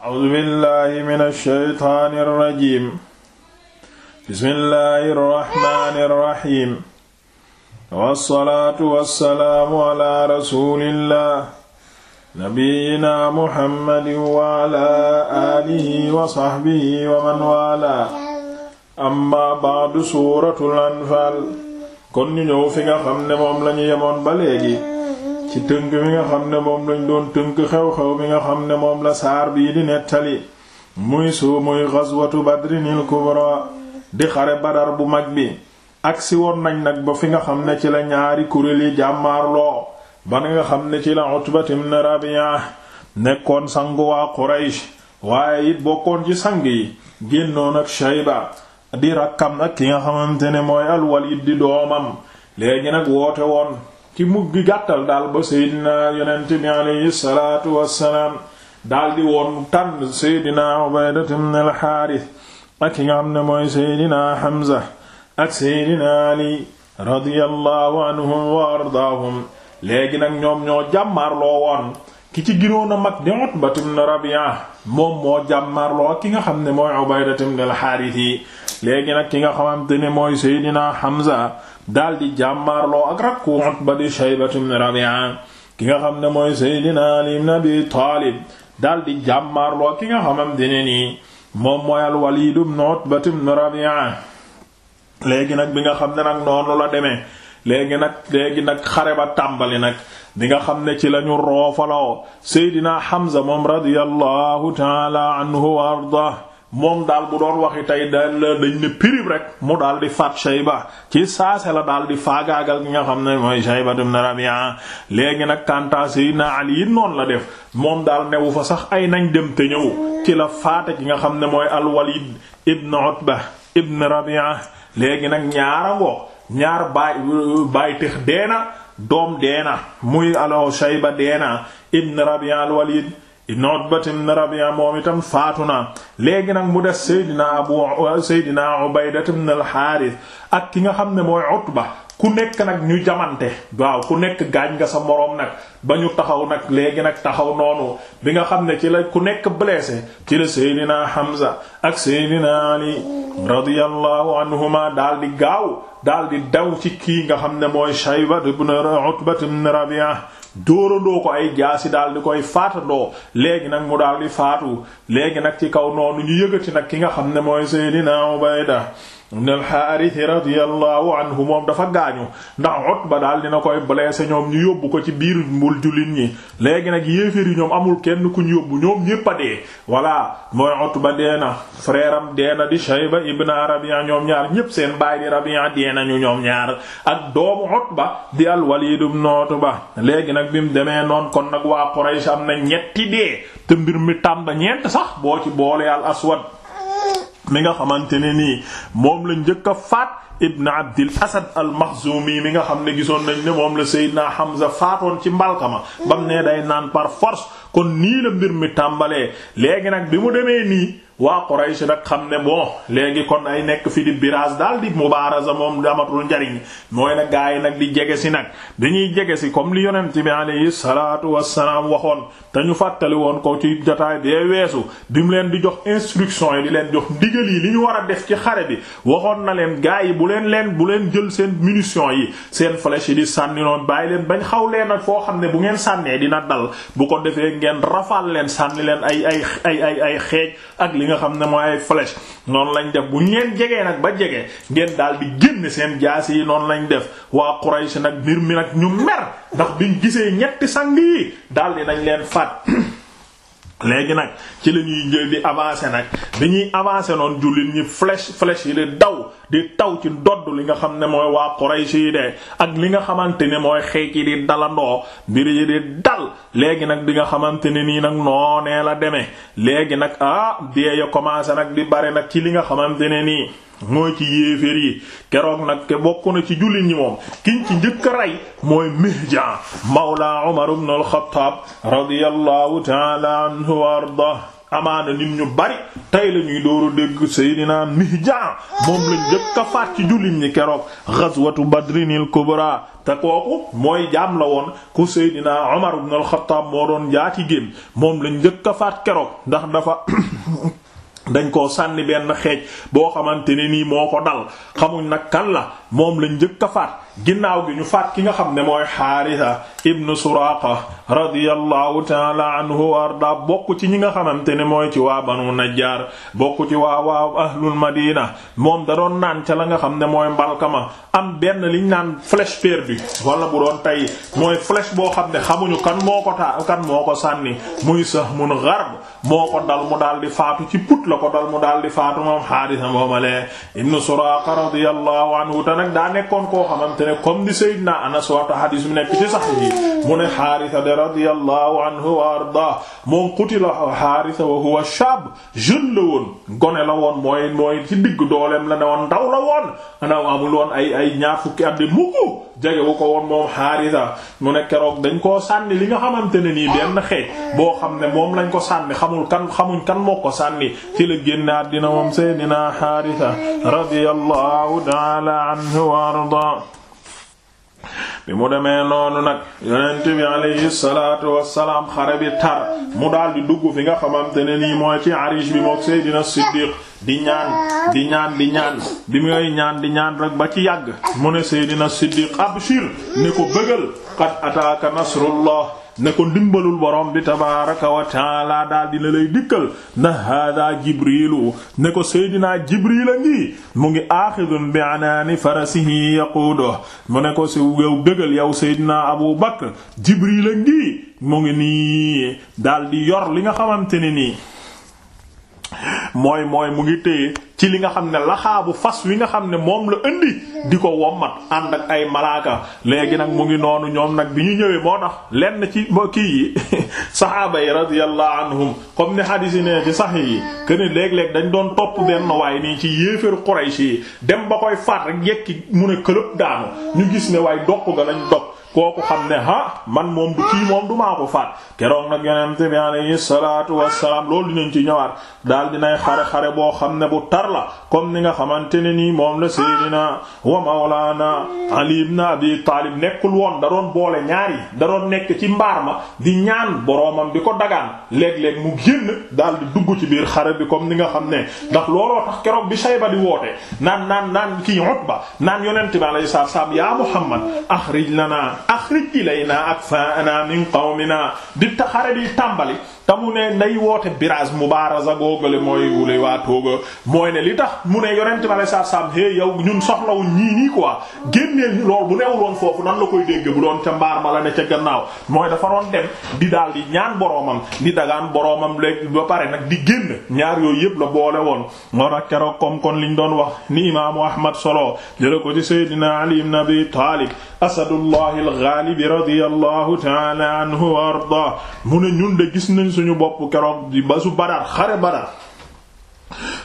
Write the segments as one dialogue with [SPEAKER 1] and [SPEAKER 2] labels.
[SPEAKER 1] A'uuzu billaahi mina shaytaani rajiim. Bismillaahi rahmaani rahiim. Wassalaatu wassalaamu alaa rasuulillaah. Nabiyyinaa Muhammadin wa alaa aalihi wa sahbihi wa man waalaa. Ammaa ba'du, suuratul Anfaal. Kon ñu ñëw fi nga xam ne moom lañu yemoon ba léegi. ci tënk mi nga xam ne moom lañ doon tënk xew-xew mi nga xam ne moom la saar bii di nettali muy suu muy ghazwatu badrinil kubra di xare badar bu mag bi agsi woon nañ nag ba fi nga xam ne ci la ñaari kuréel yi jàmmaarloo ba nga xam ne ci la Utba ibn rabian nekkoon sangu waa Quraysh waaye it bokkoon ci sang yi génnoon ak Shayba di rakkam ak ki nga xamante ne mooy al Walid di doomam léegi nag woote woon ci mug gi gàttal daal ba seydina yonent bi alayhi salaatu wassalaam daldi woon tànn seydina Ubayda ibn al-Haaris ak xam ne mooy seydina Hamza ak seydina Ali radiyallahu anhum wa ardaahum léegi nag ñoom ñoo jàmmarloo woon ki ci ginoon a di Utba ibn Rabi'a moom moo jàmmarloo ak ki nga xam ne mooy Ubayda ibn al-Haaris yi léegi nag ki nga xamante ne mooy seydina Hamza daldi jàmmaarloo ak rakku Utba di Shaybatu ibn Rabi'a ki nga xam ne mooy Seydina Ali ibn Abi Taalib daldi jàmmaarloo ki nga xamante ne nii moom mooy al-Waliid ibn Utba Rabi'a léegi nag bi nga xam ne nag noonu la demee léegi nag léegi nag xare ba tàmbali nag bi nga xam ne ci lañu roofaloo Seydina Hamza moom radiyallahu ta'ala anhu wa arda moom daal bu doon waxi tey daal dañ ne pirib rek mu daal di faat Shayba ci saase la daal di faagaagal gi nga xam ne mooy Shayba ibn Rabi'a léegi nag kanta Seydina Ali noonu la def moom daal newu fa sax ay nañ dem te ñëw ci la faate gi nga xam ne mooy al-Walid ibn Utba ibn Rabi'a léegi nag ñaara ngoo ñaar baay baay tex deena doom deena muy alo Shayba deena ibn Rabi'a al ibn Utbat ibn Rabi'a moom itam faatu na léegi nag mu des Seydina Abu Seydina Ubayda ibn al-Harith ak ki nga xam ne mooy Utba ku nekk nag ñu jamante waaw ku nekk gaañ nga sa moroom nag ba ñu taxaw nag léegi nag taxaw noonu bi nga xam ne ci la ku nekk blessé ci la Seydina Hamza ak Seydina Ali radiyallahu anhuma daal di gaaw daal di daw ci kii nga xam ne mooy Shayba ibn Utba ibn Rabi'a dóorandoo ko ay jaasi daal di koy faatandoo léegi nag mu daal di faatu léegi nag ci kaw noonu ñu yëgati nag ki nga xam ne mooy Seydina Ubayda ibn al-Haaris radiyallahu anhu moom dafa gaañu ndax Utba daal dina koy blessé ñoom ñu yóbbu ko ci biir mbul jullit ñi léegi nag yéeféer yi amul kenn ku ñu yóbbu ñoom ñépp a dee voilà mooy Utba dee na frère am dee na di Shayba Rabi'a ñoom ñaar ñépp seen baay di Rabi'a dee nañu ñoom ñaar ak doomu Utba di al-Walid ibn Utba léegi nag bi mu demee noon kon nag waa Quraysh am na ñetti dee te mbir mi tàmb ñeent sax boo ci boole al-Aswad mi nga xamante ne nii moom la njëkk a faat ibn abdil asad al maxzumi mi nga xam ne gisoon nañ ne moom la seydina hamza faatoon ci ma bam ne day naan par force kon nii la mbir mi tàmbalee léegi nag bi mu demee nii waa Quraysh nag xam ne bon léegi kon ay nekk fi di biraas daal di mubaaraza moom damatul njariñ mooy na gaa yi nag di jege si nag dañuy jege si comme li yonent bi alayhi salaatu wassalaam waxoon te ñu fàttali woon ko ci jotaay bee weesu bi mu leen di jox instruction yi di leen jox ndigal yi li ñu war a def ci xare bi waxoon na leen gaa yi bu leen leen bu leen jël seen munitions yi seen flèche yi di sànni noonu bàyyi leen bañ xaw leen nag foo xam ne bu ngeen sànnee dina dal bu ko defee ngeen rafal leen sànni leen ay ay ay ay ay xeej ak nga xam ne mooy ay flèche noonu lañ def bu ngeen jegee nag ba jegee ngeen daal di seen jaas yi noonu lañu def waa Quraysh nag mbir mi nag ñu mer ndax biñ gisee ñetti sang yi daal di nañ leen faat léegi nag ci la ñuy jël di avancer nag bi ñuy avancer noonu jullit ñi flèche flèche yi di daw di taw ci dodd li nga xam ne mooy waa Quraysh yi de ak li nga xamante ne mooy xeec yi di dalandoo mbir yi di dal léegi nag di nga xamante ne nii nag noonee la demee léegi nag ah dee ya commencé nag di bare nag ci li nga xamante ne nii. mooy ci yéeféer yi keroog nag ke bokk na ci jullit ñi moom kiñ ci njëkk rey mooy Mihjaan mawla Umar ibn al-Khattab radiyallahu ta'ala anhu wa amaana nit ñu bari tey lañuy ñuy dooru dégg Seydina Mihjaan moom lañ njëkk faat ci jullit ñi keroog ghazwatu Badrinil kubra te kooku mooy jaam la woon ku Seydina Umar ibn al-Khattab moo doon jaati génn moom lañ njëkk a faat keroog ndax dafa dañ koo sànni benn xeej boo xamante ne nii moo ko dal xamuñ nag kan la moom lañ jëkk a faat ginnaaw gi ñu faat ki nga xam ne mooy xaarisa ibnu suraaqa radiyallahu taala anhu wa arda bokk ci ñi nga xamante ne mooy ci waa banu najjaar bokk ci waa waa ahlul madina moom da doon naan ca la nga xam ne mooy mbalkama am benn liñ naan flèche perdue wala bu doon tey mooy flèche boo xam ne xamuñu kan moo ko taa kan moo ko sànni muy sax mun garb moo ko dal mu daal di faatu ci put la ko dal mu dal di faatu moom a moomalee ibnu suraaqa radiyallahu te nag daa nekkoon ne comme di Seydina Anas waxta xadiis bi nekk ci sax yi mu ne Haarisa de radiyallahu anhu wa arda moom qutila Haarisa wa huwa shaab jeune la woon gone la woon mooy mooy ci digg dooleem la ne woon ndaw la woon ana amul woon ay ay ñaar fukki at de mukku jege wu ko woon moom Haarisa mu ne keroog dañ koo sànni li nga xamante ne nii benn xeej boo xam ne moom lañ ko sànni xamul kan xamuñ kan moo ko sànni ci la génnaat dina moom Seydina Haarisa radiyallahu ta'ala anhu wa arda bi mu demee noonu nag yonent bi alayhi salaatu wassalaam xare bi tar mu daal di dugg fi nga xamante ne nii mooy ci arish bi mook Seydina Siddiq di ñaan di ñaan di ñaan bi muy ñaan di ñaan rek ba ci yàgg mu ne Seydina Siddiq abshir ne ko bëggal qad ataaka nasrullah ne ko ndimbalul borom bi tabaaraka wa taala daal dina lay dikkal na hada jibrilu ne ko seydinaa jibril a ngi mu ngi aaxidun bi anaani farasihi yaquudu mu ne ko si yow bégal yow seydinaa abu bakr jibril mu ngi nii daal yor li nga xamante ni nii mooy mooy mu ngi téye ci li nga xam ne laxaabu fas wi nga xam ne moom la indi di ko wommat ànd ak ay malaaka léegi nag mu ngi noonu ñoom nag bi ñu ñëwee moo tax lenn ci kii yi saxaaba yi radiyallahu anhum comme ni hadis yi ne ci sax yi këni léeg-léeg dañ doon topp benn waaye nii ci yéeféer Quraysh yi dem ba koy faat rek yekki mu ne këlëb daanu ñu gis ne waaye doq ga lañ doq kooku xam ne ha man moom du kii moom du maa ko faat keroog nag yonent bi alayhi salaatu wassalaam loolu dinañ ci ñëwaat daal dinay xare xare boo xam ne bu tar la comme ni nga xamante ne nii moom la Seydina wa Mawlana Ali ibn Abi Taalib nekkul woon daroon boole ñaar daroon da nekk ci mbaar ma di ñaan boroomam di ko dagaan léeg-léeg mu génn daal di dugg ci biir xare bi comme ni nga xam ne ndax looloo tax keroog bi Shayba di woote naan naan naan kii Utba naan yonent bi alayhi salaam yaa Muhammad axrij lanaa axrij ilaynaa akfaanaa min qawminaa di xare bi tàmbali te mu ne nday woote birage mubaaraza googale mooy wule waa tooga mooy ne li tax mu ne yonent ma lay sa sam é yow ñun soxlawuñ ñii nii quoi génneel ñu lool bu neewul woon foofu nan la koy dégg bu doon ca mbaar mala la ne ca gannaaw mooy dafa doon dem di daal di ñaan boroomam di dagaan boroomam léegi ba pare nag di génn ñaar yooyu yëpp la boole woon moo tax keroog comme kon liñ doon wax ni imaamu ahmad solo jële ko ci seydina ali ibn abi asadullahi alxaalibi radiyallahu taala anhu wa arda mu ne ñun de gis nañ suñu bopp keroog di basu badar xare badar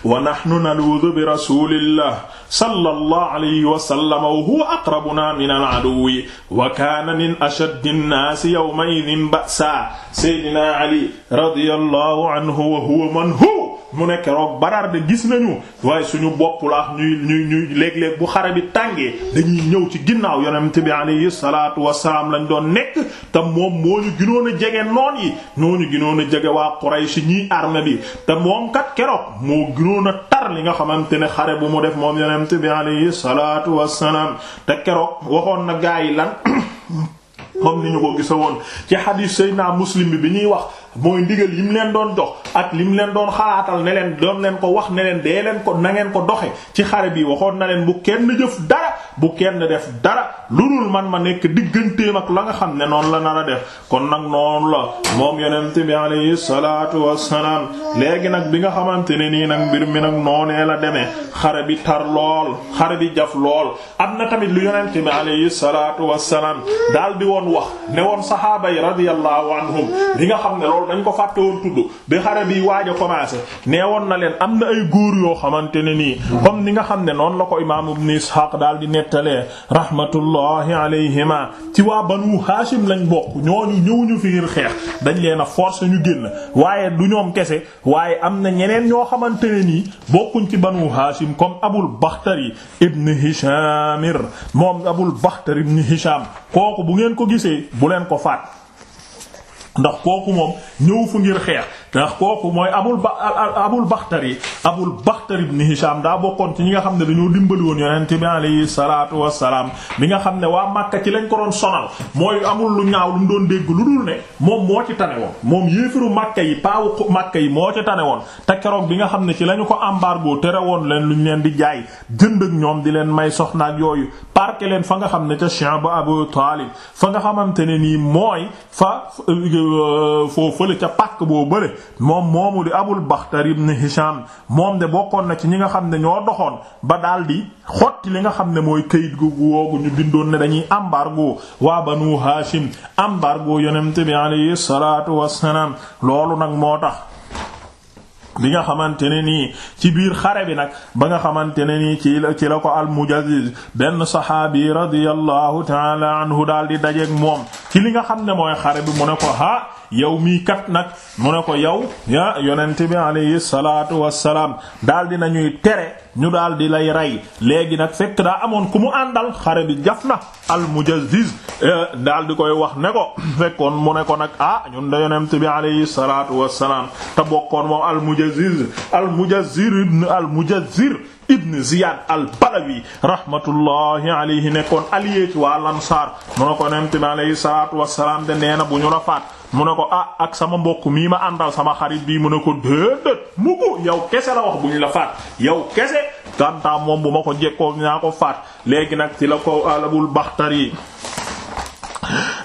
[SPEAKER 1] wa nahnu naluudu bi rasulillah sallallahu alayhi wa sallam wa huwa aqrabuna min al-aduwwi wa kaana min ashaddi an-naasi yawma'idhin ba'sa sayyidina ali radiyallahu anhu wa huwa man huwa mu ne keroog Badar de gis nañu waaye suñu bopp la ñuy ñuy ñuy léeg bu xare bi tàngee dañuy ñëw ci ginnaaw yonent bi alayhi salaatu wassalaam lañ doon nekk te moom moo ñu ginoon a jege noon yi ñoo ñu ginoon a jege waa Quraysh ñii armée bi te moom kat keroog moo ginoon a tar li nga xamante ne xare bu mu def moom yonent bi alayhi salaatu wassalaam te keroog waxoon na gaa yi lan comme ni ñu ko gisa ci hadith Seydina Muslim bi bi ñuy wax mooy ndigal yi mu leen doon jox ak li mu leen doon xalaatal ne leen doon leen ko wax ne leen dee leen ko na ngeen ko doxe ci xare bi waxoon na leen bu kenn jëf dara bu kenn def dara lu dul man ma nekk digganteem ak la nga xam ne noonu la na a def kon nag noonu la moom yonent bi alayhi salaatu wassalaam léegi nag bi nga xamante ne nii nag mbir mi nag noonee la demee xare bi tar lool xare bi jaf lool am na tamit lu yonent bi alayhi salaatu wassalaam daal di woon wax ne woon saxaaba yi radiyallahu anhum li nga xam ne loolu dañ ko fàtte woon tudd bi xare bi waaj a commencé nee woon na leen am na ay góor yoo xamante ne nii comme ni nettalee rahmatullahi alayhima ci waa banu haashim lañ bokk ñooñu ñëwuñu fi ngir xeex dañ leen a force ñu génn waaye du ñoom kese waaye am na ñeneen ñoo xamante ne nii bokkuñ ci banu haashim comme abul bakhtari ibn hishamir moom abul bakhtari ibn hisham kooku bu ngeen ko gisee bu leen ko faat ndax kooku moom ñëw fu ngir xeex ndax kooku mooy abul ba abul baxtari abul baxtari ibn hisham daa bokkoon ci ñi nga xam ne dañoo dimbali woon yonent bi alayhi salaatu wassalaam bi nga xam ne waa Makka ci lañ ko doon sonal mooy amul lu ñaaw lu mu doon dégg lu dul ne moom moo ci tane woon moom yéefaru Makka yi paawu Makka yi moo ci tane woon te keroog bi nga xam ne ci lañu ko embargo tere woon leen lu ñu leen di jaay jënd ak ñoom di leen may soxna ak yooyu parke leen fa nga xam ne ca Sha'b Abu Talib fa nga xamante ne nii mooy fa euh, euh, foo ca pàkk boo bële moom moomu di abul baxtari ibn hisham moom de bokkoon na ci ñi nga xam ne ñoo doxoon ba daal di xotti li nga xam ne mooy kayit gu woogu ñu bindoon ne dañuy embargo waa banu hashim embargo yonent bi alayhi salaatu wassalaam loolu nag moo tax bi nga xamante ne nii ci biir xare bi nag ba nga xamante ne nii ci la ko al mujaziz benn saxaabi radiyallahu taala anhu daal di dajeek moom ci li nga xam ne mooy xare bi mu ne ko ha yow mii kat nag mu ne ko yow ya yonent bi alayhi salaatu wassalaam daal di na ñuy tere ñu daal di lay rey léegi nag fekk daa amoon ku mu àndal xare bi jaf na al mujazziz eh, daal di koy wax ne ko fekkoon mu ne ko nag ah ñun da yonent bi alayhi salaatu wassalaam te bokkoon moom al mujazziz al mujazzir ibn al mujazzir ibn Ziyad al-Balawi rahmatullahi alayhi nekkoon allié ci waa Ansaar mu ne ko yonent bi alayhi salaatu salaatu de nee na bu ñu la faat mu ne ko ah ak sama mbokk mii ma àndal sama xarit bii mu ne ko déedéet mu yow kese la wax bu ñu la faat yow kese gantaa moom bu ma ko jekkoo naa ko faat léegi nag ci la ko alabul baxtari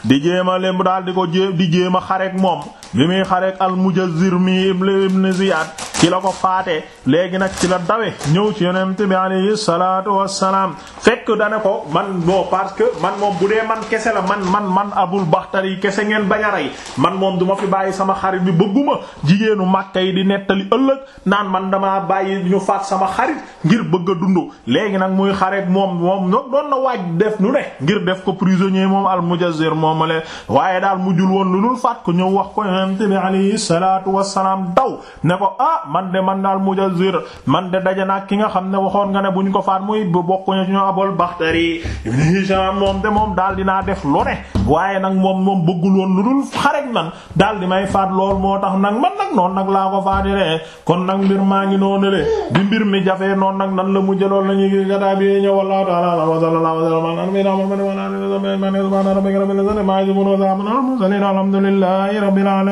[SPEAKER 1] di jéema lem daal di ko di jéema xareek moom bi muy xareek al mujazzir mi ibn ziyad ci la ko faatee léegi nag ci la dawe ñëw ci yonent bi alayhi salaatu salaam fekk dane ko man boo parce que man moom bu dee man kese la man man man abul baxtari kese ngeen bañ a rey man moom du ma fi bàyyi sama xarit bi bëgguma jigéenu Makka yi di nettali ëllëg naan man dama bàyyi ñu faat sama xarit ngir bëgg a dund léegi nag muy xarit moom moom doon na waaj def nu ne ngir def ko prisonnier moom al Mujazzir moomale waaye daal jul woon lu dul faat ko ñëw wax ko yonent bi alayhi salaatu daw man de man daal Mujazzir man de daje naa ki nga xam ne waxoon nga ne bu ñu ko faat muy bokkuñu ci ñoo Abul Baxtari moom de moom daal dinaa def lu waaye nag moom moom bëggul woon lu dul xarek nan daal di may faat lool moo tax nag man nag noonu nag laa ko faatire kon nag mbir maa ngi noonu le bi mbir mi jafee noon nag nan la mujjee lool lañuy gis gataa bi ñëw wallahu ta'ala wa sallallahu alayhi wa alhamdulillahi rabbil